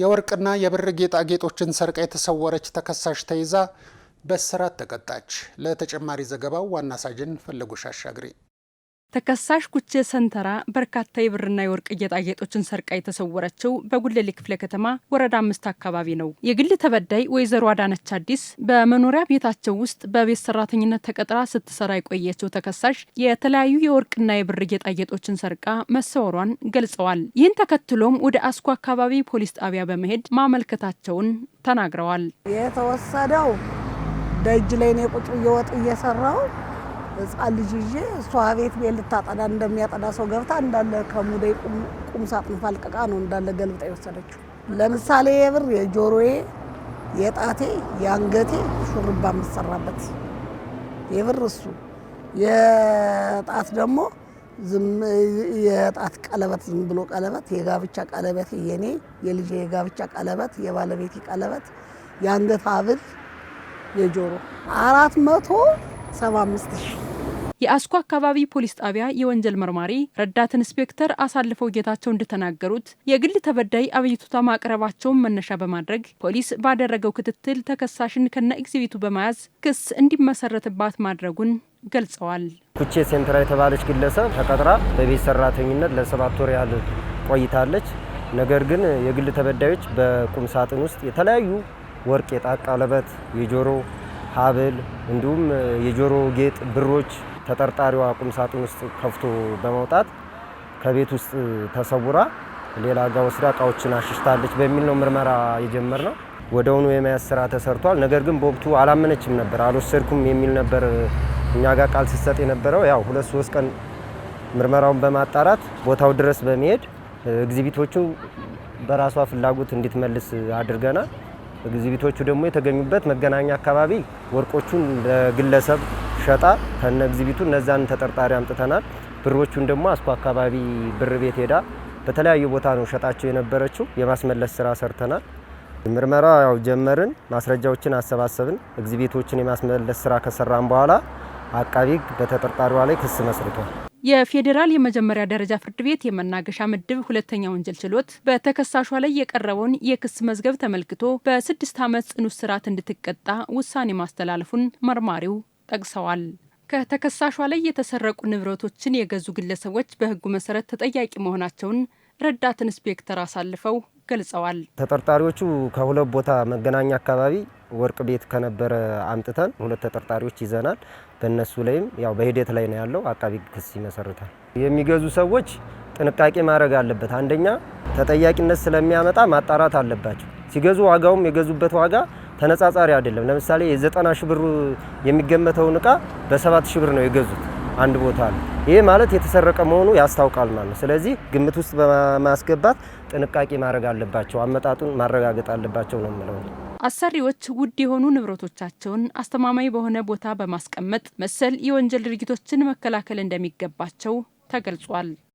የወርቅና የብር ጌጣጌጦችን ሰርቃ የተሰወረች ተከሳሽ ተይዛ በእስራት ተቀጣች። ለተጨማሪ ዘገባው ዋና ሳጅን ፈለጎሽ አሻግሬ ተከሳሽ ኩቼ ሰንተራ በርካታ የብርና የወርቅ ጌጣጌጦችን ሰርቃ የተሰወረችው በጉለሌ ክፍለ ከተማ ወረዳ አምስት አካባቢ ነው። የግል ተበዳይ ወይዘሮ አዳነች አዲስ በመኖሪያ ቤታቸው ውስጥ በቤት ሰራተኝነት ተቀጥራ ስትሰራ የቆየችው ተከሳሽ የተለያዩ የወርቅና የብር ጌጣጌጦችን ሰርቃ መሰወሯን ገልጸዋል። ይህን ተከትሎም ወደ አስኮ አካባቢ ፖሊስ ጣቢያ በመሄድ ማመልከታቸውን ተናግረዋል። የተወሰደው ደጅ ላይ ነው የቁጭ እየወጥ እየሰራው ሕፃን ልጅ ይዤ እሷ ቤት ቤት ልታጠዳ እንደሚያጠዳ ሰው ገብታ እንዳለ ከሙዴ ቁም ሳጥን ፋልቀቃ ነው እንዳለ ገልብጣ የወሰደችው። ለምሳሌ የብር የጆሮዬ፣ የጣቴ፣ የአንገቴ ሹርባ የምሰራበት የብር እሱ የጣት ደግሞ የጣት ቀለበት ዝም ብሎ ቀለበት፣ የጋብቻ ቀለበት፣ የኔ የልጄ የጋብቻ ቀለበት፣ የባለቤቴ ቀለበት፣ የአንገት ሐብል፣ የጆሮ አራት መቶ ሰባ አምስት ሺህ የአስኮ አካባቢ ፖሊስ ጣቢያ የወንጀል መርማሪ ረዳት ኢንስፔክተር አሳልፈው ጌታቸው እንደተናገሩት የግል ተበዳይ አቤቱታ ማቅረባቸውን መነሻ በማድረግ ፖሊስ ባደረገው ክትትል ተከሳሽን ከነ ኤግዚቢቱ በመያዝ ክስ እንዲመሰረትባት ማድረጉን ገልጸዋል። ኩቼ ሴንትራ የተባለች ግለሰብ ተቀጥራ በቤት ሰራተኝነት ለሰባት ወር ያህል ቆይታለች። ነገር ግን የግል ተበዳዮች በቁም ሳጥን ውስጥ የተለያዩ ወርቅ፣ የጣት ቀለበት፣ የጆሮ ሀብል እንዲሁም የጆሮ ጌጥ ብሮች ተጠርጣሪዋ ቁም ሳጥን ውስጥ ከፍቶ በመውጣት ከቤት ውስጥ ተሰውራ ሌላ ጋ ወስዳ እቃዎችን አሽሽታለች በሚል ነው ምርመራ የጀመርነው። ወደውኑ የመያዝ ስራ ተሰርቷል። ነገር ግን በወቅቱ አላመነችም ነበር። አልወሰድኩም የሚል ነበር እኛ ጋር ቃል ሲሰጥ የነበረው። ያው ሁለት ሶስት ቀን ምርመራውን በማጣራት ቦታው ድረስ በመሄድ ኤግዚቢቶቹ በራሷ ፍላጎት እንድትመልስ አድርገናል። እግዚቢቶቹ ደግሞ የተገኙበት መገናኛ አካባቢ ወርቆቹን ለግለሰብ ሸጣ ከነ ኤግዚቢቱ እነዛን ተጠርጣሪ አምጥተናል። ብሮቹን ደግሞ አስኮ አካባቢ ብር ቤት ሄዳ በተለያዩ ቦታ ነው ሸጣቸው የነበረችው። የማስመለስ ስራ ሰርተናል። ምርመራ ያው ጀመርን፣ ማስረጃዎችን አሰባሰብን። እግዚቢቶችን የማስመለስ ስራ ከሰራን በኋላ አቃቢ በተጠርጣሪዋ ላይ ክስ መስርቷል። የፌዴራል የመጀመሪያ ደረጃ ፍርድ ቤት የመናገሻ ምድብ ሁለተኛ ወንጀል ችሎት በተከሳሿ ላይ የቀረበውን የክስ መዝገብ ተመልክቶ በስድስት ዓመት ጽኑ እስራት እንድትቀጣ ውሳኔ ማስተላለፉን መርማሪው ጠቅሰዋል። ከተከሳሿ ላይ የተሰረቁ ንብረቶችን የገዙ ግለሰቦች በሕጉ መሰረት ተጠያቂ መሆናቸውን ረዳት ኢንስፔክተር አሳልፈው ገልጸዋል። ተጠርጣሪዎቹ ከሁለት ቦታ መገናኛ አካባቢ ወርቅ ቤት ከነበረ አምጥተን ሁለት ተጠርጣሪዎች ይዘናል። በእነሱ ላይም ያው በሂደት ላይ ነው ያለው። አቃቢ ክስ ይመሰርታል። የሚገዙ ሰዎች ጥንቃቄ ማድረግ አለበት። አንደኛ ተጠያቂነት ስለሚያመጣ ማጣራት አለባቸው። ሲገዙ ዋጋውም የገዙበት ዋጋ ተነጻጻሪ አይደለም። ለምሳሌ የዘጠና ሺህ ብር የሚገመተውን እቃ በሰባት ሺህ ብር ነው የገዙት አንድ ቦታ ነው። ይህ ማለት የተሰረቀ መሆኑ ያስታውቃል ማለት ነው። ስለዚህ ግምት ውስጥ በማስገባት ጥንቃቄ ማድረግ አለባቸው። አመጣጡን ማረጋገጥ አለባቸው ነው የምለው። አሰሪዎች ውድ የሆኑ ንብረቶቻቸውን አስተማማኝ በሆነ ቦታ በማስቀመጥ መሰል የወንጀል ድርጊቶችን መከላከል እንደሚገባቸው ተገልጿል።